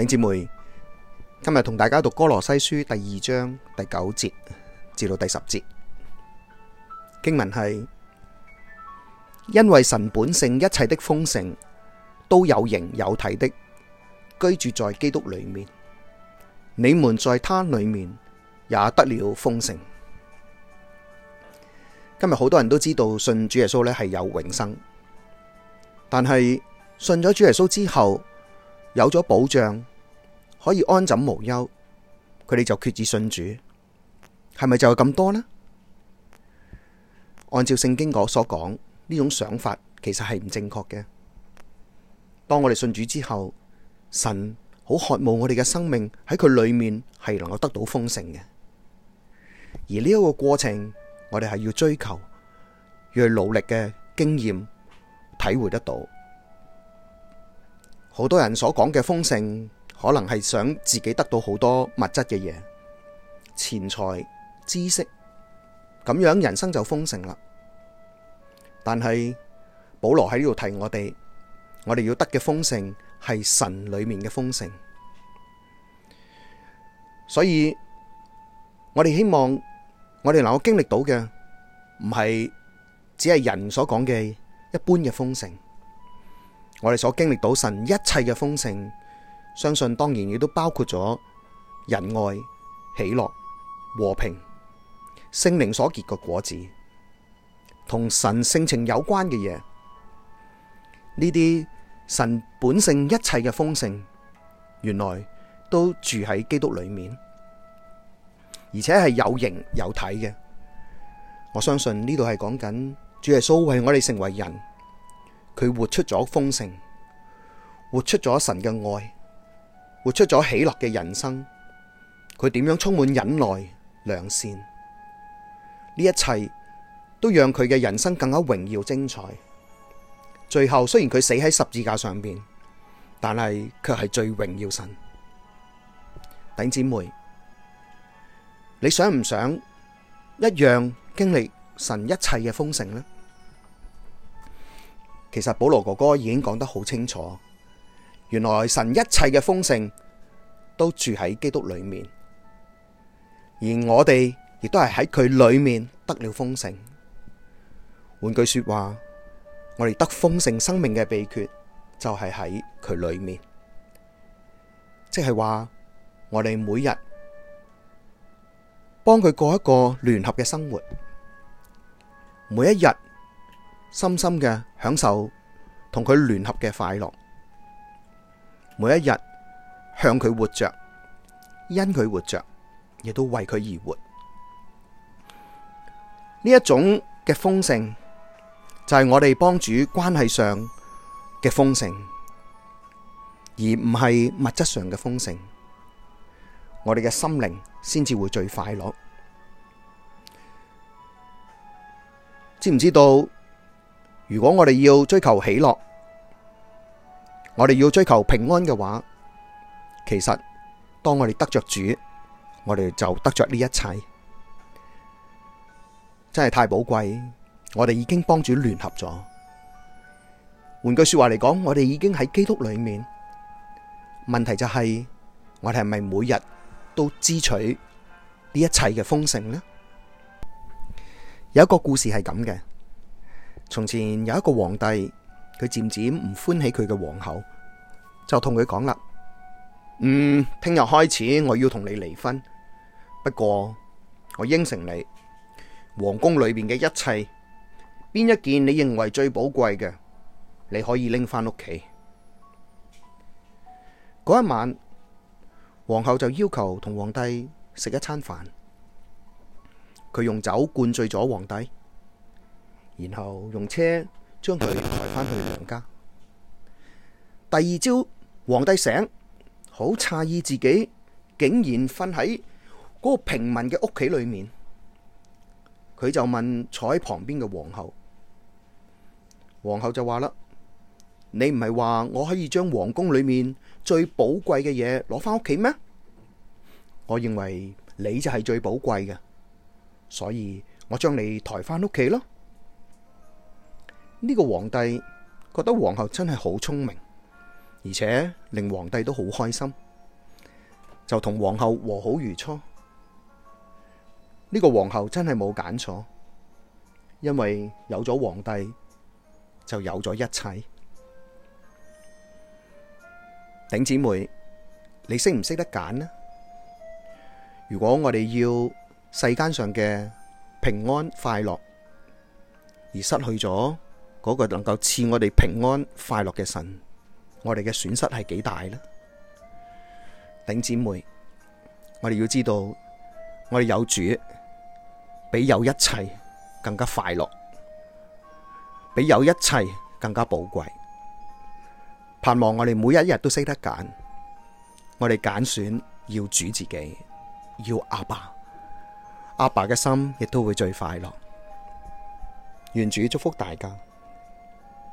弟兄姊妹，今日同大家讀《哥羅西書》第二章第九節至到第十節經文係：因為神本性一切的豐盛都有形有體的居住在基督裡面，你們在他裡面也得了豐盛。今日好多人都知道信主耶穌呢係有永生，但係信咗主耶穌之後有咗保障。可以安枕無憂，佢哋就決志信主，係咪就係咁多呢？按照聖經嗰所講，呢種想法，其實係唔正確嘅。當我哋信主之後，神好渴望我哋嘅生命喺佢裏面係能夠得到豐盛嘅，而呢一個過程，我哋係要追求，要去努力嘅經驗體會得到。好多人所講嘅豐盛。可能係想自己得到好多物質嘅嘢、錢財、知識，咁樣人生就豐盛啦。但係保羅喺呢度提我哋，我哋要得嘅豐盛係神裏面嘅豐盛，所以我哋希望我哋能夠經歷到嘅唔係只係人所講嘅一般嘅豐盛，我哋所經歷到神一切嘅豐盛。相信當然亦都包括咗仁愛、喜樂、和平，聖靈所結嘅果子，同神性情有關嘅嘢，呢啲神本性一切嘅豐盛，原來都住喺基督裏面，而且係有形有體嘅。我相信呢度係講緊主耶穌為我哋成為人，佢活出咗豐盛，活出咗神嘅愛。活出咗喜樂嘅人生，佢點樣充滿忍耐良善？呢一切都讓佢嘅人生更加榮耀精彩。最後雖然佢死喺十字架上邊，但係卻係最榮耀神。弟兄姊妹，你想唔想一樣經歷神一切嘅豐盛呢？其實保羅哥哥已經講得好清楚。原來神一切嘅豐盛都住喺基督裏面，而我哋亦都係喺佢裏面得了豐盛。換句說話，我哋得豐盛生命嘅秘訣就係喺佢裏面，即係話我哋每日幫佢過一個聯合嘅生活，每一日深深嘅享受同佢聯合嘅快樂。每一日向佢活着，因佢活着，亦都為佢而活。呢一種嘅豐盛，就係我哋幫主關係上嘅豐盛，而唔係物質上嘅豐盛。我哋嘅心靈先至會最快樂。知唔知道？如果我哋要追求喜樂，我哋要追求平安嘅話，其實當我哋得着主，我哋就得着呢一切，真係太寶貴。我哋已經幫主聯合咗。換句說話嚟講，我哋已經喺基督裏面。問題就係，我哋係咪每日都支取呢一切嘅豐盛呢？有一個故事係咁嘅：從前有一個皇帝。佢漸漸唔歡喜佢嘅皇后，就同佢講啦：嗯，聽日開始我要同你離婚。不過我應承你，皇宮裏面嘅一切，邊一件你認為最寶貴嘅，你可以拎返屋企。嗰一晚，皇后就要求同皇帝食一餐飯，佢用酒灌醉咗皇帝，然後用車，將佢抬返去娘家。第二朝，皇帝醒，好詫異自己竟然瞓喺嗰個平民嘅屋企裏面。佢就問坐喺旁邊嘅皇后，皇后就話啦，你唔係話我可以將皇宮裏面最寶貴嘅嘢攞返屋企咩？我認為你就係最寶貴嘅，所以我將你抬返屋企咯。呢個皇帝覺得皇后真係好聰明，而且令皇帝都好開心，就同皇后和好如初。呢個皇后真係冇揀錯，因為有咗皇帝就有咗一切。頂姐妹，你識唔識得揀呢？如果我哋要世間上嘅平安快樂，而失去咗。嗰個能夠賜我哋平安快樂嘅神，我哋嘅損失係幾大呢？頂姊妹，我哋要知道，我哋有主，比有一切更加快樂，比有一切更加寶貴。盼望我哋每一日都識得揀，我哋揀選要主自己，要阿爸阿爸嘅心，亦都會最快樂。願主祝福大家。